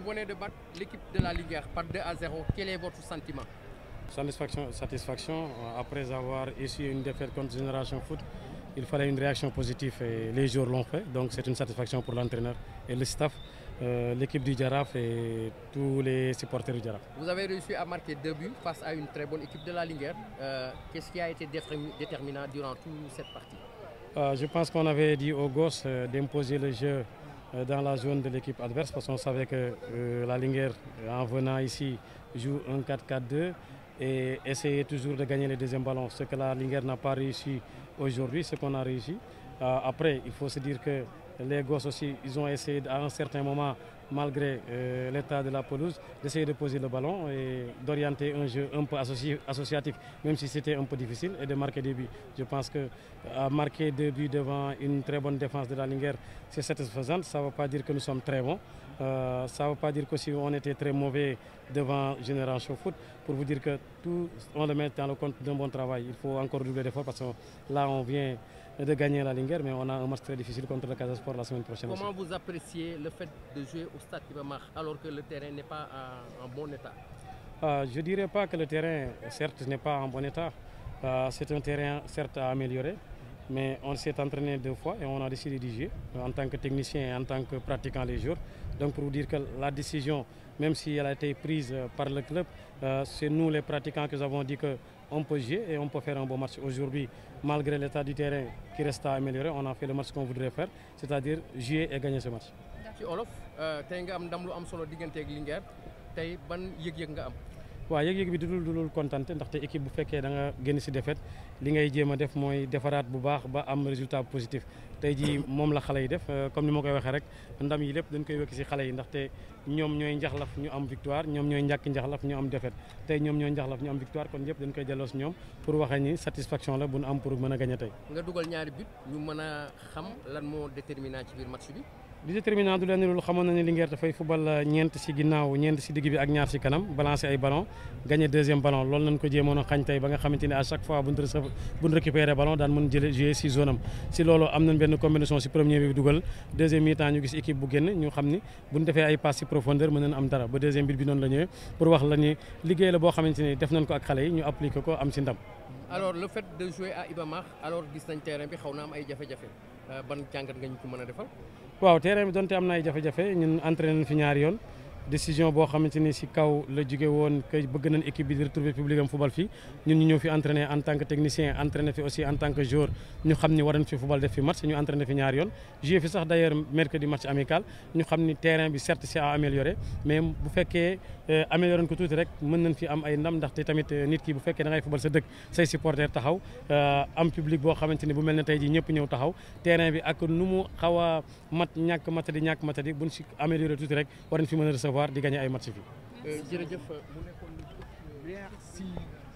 vous venez de battre l'équipe de la par 2 à 0. Quel est votre sentiment Satisfaction, satisfaction. Après avoir issu une défaite contre Génération Foot, il fallait une réaction positive et les jours l'ont fait. Donc c'est une satisfaction pour l'entraîneur et le staff, euh, l'équipe du Giraffe et tous les supporters du Giraffe. Vous avez réussi à marquer deux buts face à une très bonne équipe de la Ligue euh, Qu'est-ce qui a été déterminant durant toute cette partie euh, Je pense qu'on avait dit aux gosses euh, d'imposer le jeu Euh, dans la zone de l'équipe adverse parce qu'on savait que euh, la Linguère, euh, en venant ici, joue un 4-4-2 et essayer toujours de gagner les deuxièmes ballons. Ce que la Linguère n'a pas réussi aujourd'hui, ce qu'on a réussi. après, il faut se dire que les gosses aussi, ils ont essayé à un certain moment malgré euh, l'état de la pelouse, d'essayer de poser le ballon et d'orienter un jeu un peu associatif, même si c'était un peu difficile, et de marquer des buts. Je pense que à marquer deux buts devant une très bonne défense de la Linguère, c'est satisfaisant. Ça ne veut pas dire que nous sommes très bons. Euh, ça veut pas dire que si on était très mauvais devant Génération Foot, pour vous dire que tout, on le met dans le compte d'un bon travail. Il faut encore doubler d'efforts de gagner la Linguère, mais on a un match très difficile contre le Casa Sport la semaine prochaine. Comment aussi. vous appréciez le fait de jouer au stade Ibamar alors que le terrain n'est pas en bon état euh, Je ne dirais pas que le terrain, certes, n'est pas en bon état. Euh, C'est un terrain, certes, à améliorer. mais on s'est entraîné deux fois et on a décidé d'y jouer en tant que technicien et en tant que pratiquant les jours. Donc pour vous dire que la décision, même si elle a été prise euh, par le club, euh, c'est nous les pratiquants que nous avons dit qu'on peut jouer et on peut faire un bon match. Aujourd'hui, malgré l'état du terrain qui reste à on a fait le match qu'on voudrait faire, c'est-à-dire jouer et gagner ce match. Euh, waaw yëg-yëg bi du dul du dul kontante ndaxte équipe bu fekkee danga nga génn si defet li ngay jéem a def mooy defaraat bu baax ba am résultat positif tey jii moom la xale yi def euh, comme ni ma koy waxee rek ndam yi lépp dañ koy wekki si xale yi ndaxte ñoom ñooy njaxlaf ñu am victoire ñoom ñooy njàkki njaxlaf ñu am défaite tey ñoom ñooy njaxlaf ñu am victoire kon yëpp dañ koy jaloos ñoom pour waxee ni satisfaction la bu ñu am pour mën a a tey. nga dugal ñaari but ñu mën a xam lan moo déterminant ci biir match bi. li déterminant du leen loolu xamoon na ne Linguère dafay fubal euh, ñeent si ginnaaw ñeent si digg bi ak ñaar si kanam balancer ay ballon gagné deuxième ballon loolu lañ ko jéemoon a xañ tey ba nga xamante ni à chaque fois buñ rece buñ récupéré ballon daan mën jële jouer si zone am si loolu am nañ benn combinaison si premier bi dugal deuxième mi-temps ñu gis équipe bu génn ñu xam ni buñ defee ay passe si profondeur mën nañ am dara ba deuxième bi bi noonu xamante ni def nañ ko ak xale yi ñu appliqué ko am si ndam alors le fait de jouer à Iba Mar alors gis nañ am ay jafe-jafe euh, ban jàngat ñu ko mën a defal waaw terrain bi donte am na ay jafe-jafe ñun entraîné nañ fi ñaari yoon décision boo xamante ni si kaw la jóge woon que bëgg nañ équipe bi di retrouver public am football fii ñun ñu ñëw fi entraîné en tant que technicien entraîné fi aussi en tant que joueur ñu xam ni war nañ fi football def fi match ñu entraîné fi ñaari yoon joué fi sax d'ailleurs mercredi match amical ñu xam ni terrain bi certes c'est améliorer mais bu fekkee Eh, amélioré ko tuuti rek mën nañ fi am ay ndam ndaxte tamit eh, nit ki bu fekkee da ngay fubal sa dëkk say supporter taxaw eh, am public boo xamante bu mel ne tey ji ñëpp ñëw taxaw terrain bi ak nu mu xaw a mat ñàkk matadi ñàkk matadi buñ si amélioré tuuti rek war nañ fi mën a recevoir di gagné ay match fi